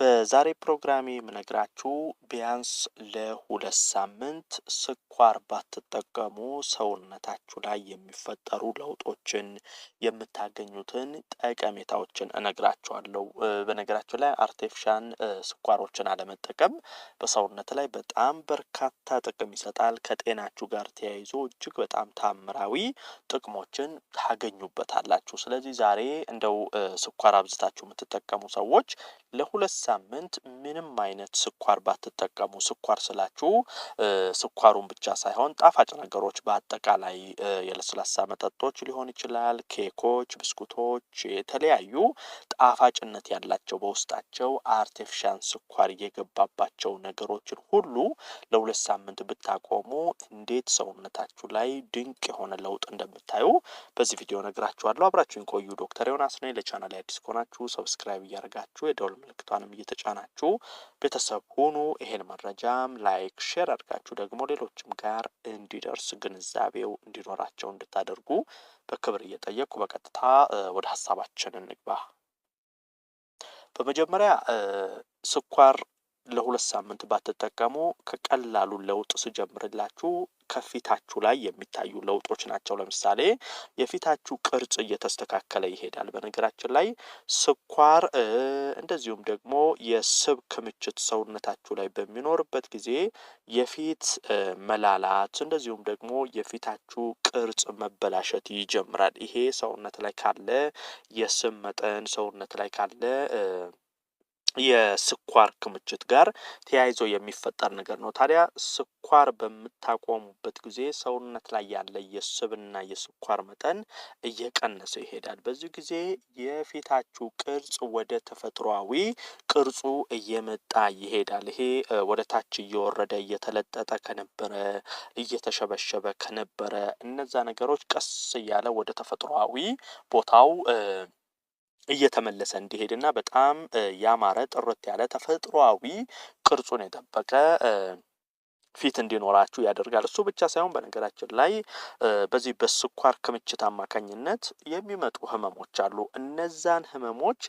በዛሬ ፕሮግራም የምነግራችሁ ቢያንስ ለሁለት ሳምንት ስኳር ባትጠቀሙ ሰውነታችሁ ላይ የሚፈጠሩ ለውጦችን የምታገኙትን ጠቀሜታዎችን እነግራችኋለሁ። በነገራችሁ ላይ አርቴፊሻል ስኳሮችን አለመጠቀም በሰውነት ላይ በጣም በርካታ ጥቅም ይሰጣል። ከጤናችሁ ጋር ተያይዞ እጅግ በጣም ታምራዊ ጥቅሞችን ታገኙበታላችሁ። ስለዚህ ዛሬ እንደው ስኳር አብዝታችሁ የምትጠቀሙ ሰዎች ለሁለት ሳምንት ምንም አይነት ስኳር ባትጠቀሙ ስኳር ስላችሁ ስኳሩን ብቻ ሳይሆን ጣፋጭ ነገሮች በአጠቃላይ የለስላሳ መጠጦች ሊሆን ይችላል፣ ኬኮች፣ ብስኩቶች፣ የተለያዩ ጣፋጭነት ያላቸው በውስጣቸው አርቴፊሻል ስኳር የገባባቸው ነገሮችን ሁሉ ለሁለት ሳምንት ብታቆሙ እንዴት ሰውነታችሁ ላይ ድንቅ የሆነ ለውጥ እንደምታዩ በዚህ ቪዲዮ ነግራችኋለሁ። አብራችሁን ቆዩ። ዶክተር ዮናስ ነኝ። ለቻናል አዲስ ከሆናችሁ ሰብስክራይብ እያደረጋችሁ የደውል ምልክቷንም እየተጫናችሁ ቤተሰብ ሁኑ። ይሄን መረጃም ላይክ፣ ሼር አድርጋችሁ ደግሞ ሌሎችም ጋር እንዲደርስ ግንዛቤው እንዲኖራቸው እንድታደርጉ በክብር እየጠየቁ በቀጥታ ወደ ሀሳባችን እንግባ። በመጀመሪያ ስኳር ለሁለት ሳምንት ባትጠቀሙ ከቀላሉ ለውጥ ስጀምርላችሁ ከፊታችሁ ላይ የሚታዩ ለውጦች ናቸው። ለምሳሌ የፊታችሁ ቅርጽ እየተስተካከለ ይሄዳል። በነገራችን ላይ ስኳር እንደዚሁም ደግሞ የስብ ክምችት ሰውነታችሁ ላይ በሚኖርበት ጊዜ የፊት መላላት እንደዚሁም ደግሞ የፊታችሁ ቅርጽ መበላሸት ይጀምራል። ይሄ ሰውነት ላይ ካለ የስብ መጠን ሰውነት ላይ ካለ የስኳር ክምችት ጋር ተያይዞ የሚፈጠር ነገር ነው። ታዲያ ስኳር በምታቆሙበት ጊዜ ሰውነት ላይ ያለ የስብና የስኳር መጠን እየቀነሰ ይሄዳል። በዚህ ጊዜ የፊታችሁ ቅርጽ ወደ ተፈጥሯዊ ቅርጹ እየመጣ ይሄዳል። ይሄ ወደ ታች እየወረደ እየተለጠጠ ከነበረ እየተሸበሸበ ከነበረ እነዛ ነገሮች ቀስ እያለ ወደ ተፈጥሯዊ ቦታው እየተመለሰ እንዲሄድና በጣም ያማረ ጥርት ያለ ተፈጥሯዊ ቅርጹን የጠበቀ ፊት እንዲኖራችሁ ያደርጋል። እሱ ብቻ ሳይሆን በነገራችን ላይ በዚህ በስኳር ክምችት አማካኝነት የሚመጡ ህመሞች አሉ። እነዛን ህመሞች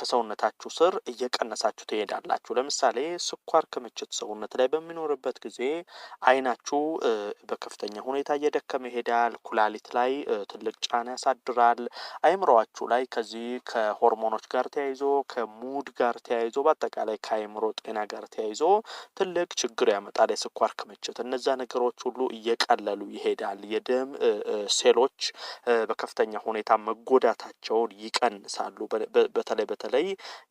ከሰውነታችሁ ስር እየቀነሳችሁ ትሄዳላችሁ። ለምሳሌ ስኳር ክምችት ሰውነት ላይ በሚኖርበት ጊዜ አይናችሁ በከፍተኛ ሁኔታ እየደከመ ይሄዳል። ኩላሊት ላይ ትልቅ ጫና ያሳድራል። አይምሯችሁ ላይ ከዚህ ከሆርሞኖች ጋር ተያይዞ ከሙድ ጋር ተያይዞ በአጠቃላይ ከአይምሮ ጤና ጋር ተያይዞ ትልቅ ችግር ያመጣል። የስኳር ክምችት እነዛ ነገሮች ሁሉ እየቀለሉ ይሄዳል። የደም ሴሎች በከፍተኛ ሁኔታ መጎዳታቸውን ይቀንሳሉ። በተለይ በተለይ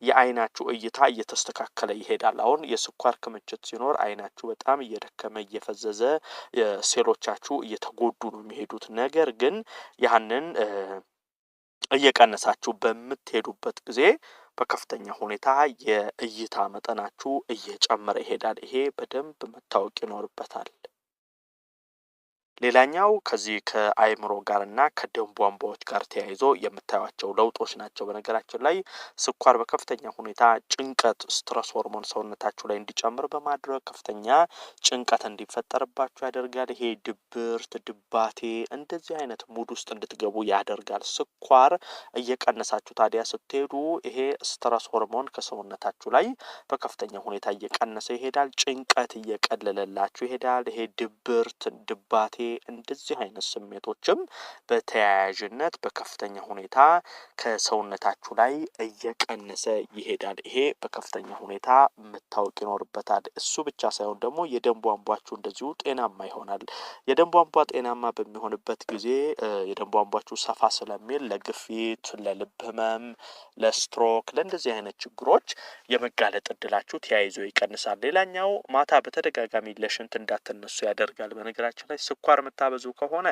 የአይናችሁ እይታ እየተስተካከለ ይሄዳል። አሁን የስኳር ክምችት ሲኖር አይናችሁ በጣም እየደከመ እየፈዘዘ ሴሎቻችሁ እየተጎዱ ነው የሚሄዱት። ነገር ግን ያንን እየቀነሳችሁ በምትሄዱበት ጊዜ በከፍተኛ ሁኔታ የእይታ መጠናችሁ እየጨመረ ይሄዳል። ይሄ በደንብ መታወቅ ይኖርበታል። ሌላኛው ከዚህ ከአይምሮ ጋር እና ከደም ቧንቧዎች ጋር ተያይዞ የምታዩቸው ለውጦች ናቸው። በነገራችን ላይ ስኳር በከፍተኛ ሁኔታ ጭንቀት ስትረስ ሆርሞን ሰውነታችሁ ላይ እንዲጨምር በማድረግ ከፍተኛ ጭንቀት እንዲፈጠርባችሁ ያደርጋል። ይሄ ድብርት፣ ድባቴ እንደዚህ አይነት ሙድ ውስጥ እንድትገቡ ያደርጋል። ስኳር እየቀነሳችሁ ታዲያ ስትሄዱ ይሄ ስትረስ ሆርሞን ከሰውነታችሁ ላይ በከፍተኛ ሁኔታ እየቀነሰ ይሄዳል። ጭንቀት እየቀለለላችሁ ይሄዳል። ይሄ ድብርት፣ ድባቴ እንደዚህ አይነት ስሜቶችም በተያያዥነት በከፍተኛ ሁኔታ ከሰውነታችሁ ላይ እየቀነሰ ይሄዳል። ይሄ በከፍተኛ ሁኔታ መታወቅ ይኖርበታል። እሱ ብቻ ሳይሆን ደግሞ የደም ቧንቧችሁ እንደዚሁ ጤናማ ይሆናል። የደም ቧንቧ ጤናማ በሚሆንበት ጊዜ የደም ቧንቧችሁ ሰፋ ስለሚል ለግፊት፣ ለልብ ህመም፣ ለስትሮክ፣ ለእንደዚህ አይነት ችግሮች የመጋለጥ እድላችሁ ተያይዞ ይቀንሳል። ሌላኛው ማታ በተደጋጋሚ ለሽንት እንዳትነሱ ያደርጋል። በነገራችን ላይ ስኳር ስኳር የምታበዙ ከሆነ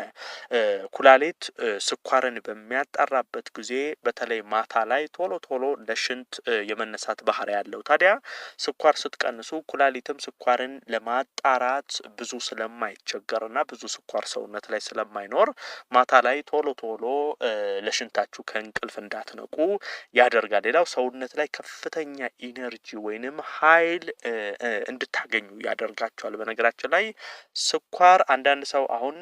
ኩላሊት ስኳርን በሚያጣራበት ጊዜ በተለይ ማታ ላይ ቶሎ ቶሎ ለሽንት የመነሳት ባህሪ ያለው ታዲያ ስኳር ስትቀንሱ ኩላሊትም ስኳርን ለማጣራት ብዙ ስለማይቸገርና ብዙ ስኳር ሰውነት ላይ ስለማይኖር ማታ ላይ ቶሎ ቶሎ ለሽንታችሁ ከእንቅልፍ እንዳትነቁ ያደርጋል። ሌላው ሰውነት ላይ ከፍተኛ ኢነርጂ ወይንም ኃይል እንድታገኙ ያደርጋቸዋል። በነገራችን ላይ ስኳር አንዳንድ ሰው አሁን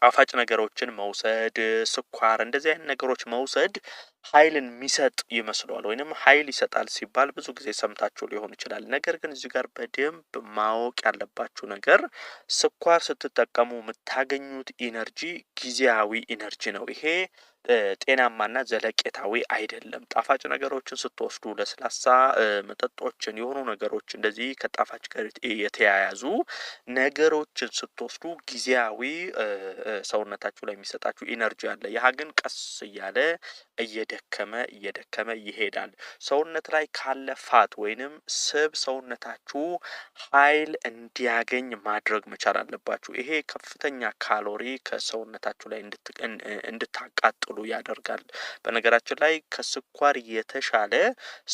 ጣፋጭ ነገሮችን መውሰድ፣ ስኳር እንደዚህ አይነት ነገሮች መውሰድ ኃይልን የሚሰጥ ይመስለዋል ወይንም ኃይል ይሰጣል ሲባል ብዙ ጊዜ ሰምታችሁ ሊሆን ይችላል። ነገር ግን እዚህ ጋር በደንብ ማወቅ ያለባችሁ ነገር ስኳር ስትጠቀሙ የምታገኙት ኢነርጂ ጊዜያዊ ኢነርጂ ነው። ይሄ ጤናማና ዘለቄታዊ አይደለም። ጣፋጭ ነገሮችን ስትወስዱ ለስላሳ መጠጦችን የሆኑ ነገሮች እንደዚህ ከጣፋጭ ጋር የተያያዙ ነገሮችን ስትወስዱ ጊዜያዊ ሰውነታችሁ ላይ የሚሰጣችሁ ኢነርጂ አለ። ያህ ግን ቀስ እያለ እየደከመ እየደከመ ይሄዳል። ሰውነት ላይ ካለ ፋት ወይንም ስብ ሰውነታችሁ ኃይል እንዲያገኝ ማድረግ መቻል አለባችሁ። ይሄ ከፍተኛ ካሎሪ ከሰውነታችሁ ላይ እንድታቃጥሉ ያደርጋል። በነገራችን ላይ ከስኳር የተሻለ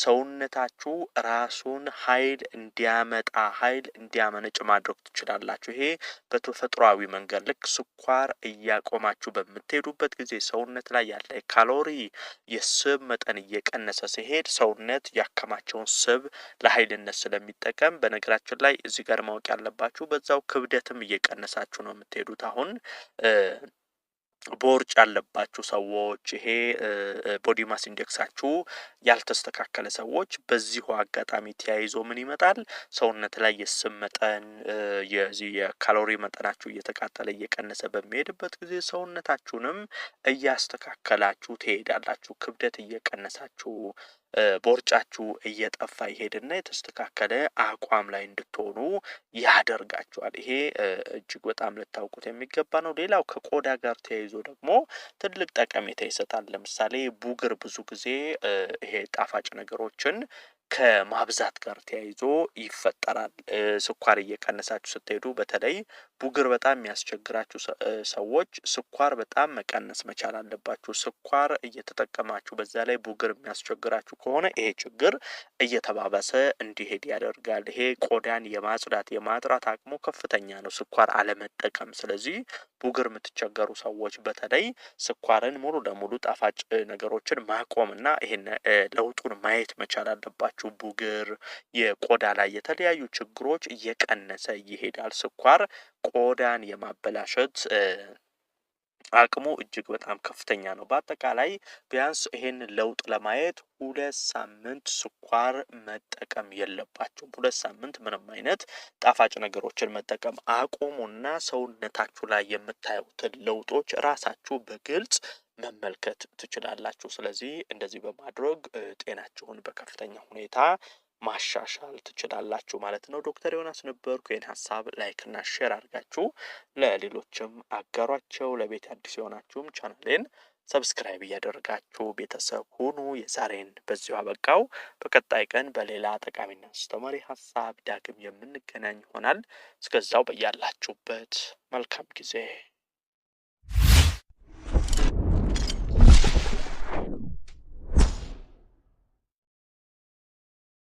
ሰውነታችሁ ራሱን ኃይል እንዲያመጣ ኃይል እንዲያመነጭ ማድረግ ትችላላችሁ። ይሄ በተፈጥሯዊ መንገድ ልክ ስኳር እያቆማችሁ በምትሄዱበት ጊዜ ሰውነት ላይ ያለ ካሎሪ የስብ መጠን እየቀነሰ ሲሄድ ሰውነት ያከማቸውን ስብ ለኃይልነት ስለሚጠቀም፣ በነገራችን ላይ እዚህ ጋር ማወቅ ያለባችሁ በዛው ክብደትም እየቀነሳችሁ ነው የምትሄዱት አሁን ቦርጭ ያለባችሁ ሰዎች ይሄ ቦዲ ማስ ኢንዴክሳችሁ ያልተስተካከለ ሰዎች በዚሁ አጋጣሚ ተያይዞ ምን ይመጣል? ሰውነት ላይ የስብ መጠን የዚህ የካሎሪ መጠናችሁ እየተቃጠለ እየቀነሰ በሚሄድበት ጊዜ ሰውነታችሁንም እያስተካከላችሁ ትሄዳላችሁ። ክብደት እየቀነሳችሁ ቦርጫችሁ እየጠፋ ይሄድና የተስተካከለ አቋም ላይ እንድትሆኑ ያደርጋችኋል። ይሄ እጅግ በጣም ልታውቁት የሚገባ ነው። ሌላው ከቆዳ ጋር ተያይዞ ደግሞ ትልቅ ጠቀሜታ ይሰጣል። ለምሳሌ ቡግር ብዙ ጊዜ ይሄ ጣፋጭ ነገሮችን ከማብዛት ጋር ተያይዞ ይፈጠራል። ስኳር እየቀነሳችሁ ስትሄዱ በተለይ ቡግር በጣም የሚያስቸግራችሁ ሰዎች ስኳር በጣም መቀነስ መቻል አለባችሁ። ስኳር እየተጠቀማችሁ በዛ ላይ ቡግር የሚያስቸግራችሁ ከሆነ ይሄ ችግር እየተባባሰ እንዲሄድ ያደርጋል። ይሄ ቆዳን የማጽዳት የማጥራት አቅሙ ከፍተኛ ነው፣ ስኳር አለመጠቀም። ስለዚህ ቡግር የምትቸገሩ ሰዎች በተለይ ስኳርን ሙሉ ለሙሉ ጣፋጭ ነገሮችን ማቆምና ይሄን ለውጡን ማየት መቻል አለባችሁ። ያለባቸው ቡግር፣ የቆዳ ላይ የተለያዩ ችግሮች እየቀነሰ ይሄዳል። ስኳር ቆዳን የማበላሸት አቅሙ እጅግ በጣም ከፍተኛ ነው። በአጠቃላይ ቢያንስ ይሄን ለውጥ ለማየት ሁለት ሳምንት ስኳር መጠቀም የለባቸውም። ሁለት ሳምንት ምንም አይነት ጣፋጭ ነገሮችን መጠቀም አቁሙና ሰውነታችሁ ላይ የምታዩትን ለውጦች ራሳችሁ በግልጽ መመልከት ትችላላችሁ። ስለዚህ እንደዚህ በማድረግ ጤናችሁን በከፍተኛ ሁኔታ ማሻሻል ትችላላችሁ ማለት ነው። ዶክተር ዮናስ ነበርኩ። ይህን ሀሳብ ላይክና ሼር አድርጋችሁ ለሌሎችም አጋሯቸው። ለቤት አዲስ የሆናችሁም ቻናሌን ሰብስክራይብ እያደረጋችሁ ቤተሰብ ሁኑ። የዛሬን በዚሁ አበቃው። በቀጣይ ቀን በሌላ ጠቃሚና አስተማሪ ሀሳብ ዳግም የምንገናኝ ይሆናል። እስከዛው በያላችሁበት መልካም ጊዜ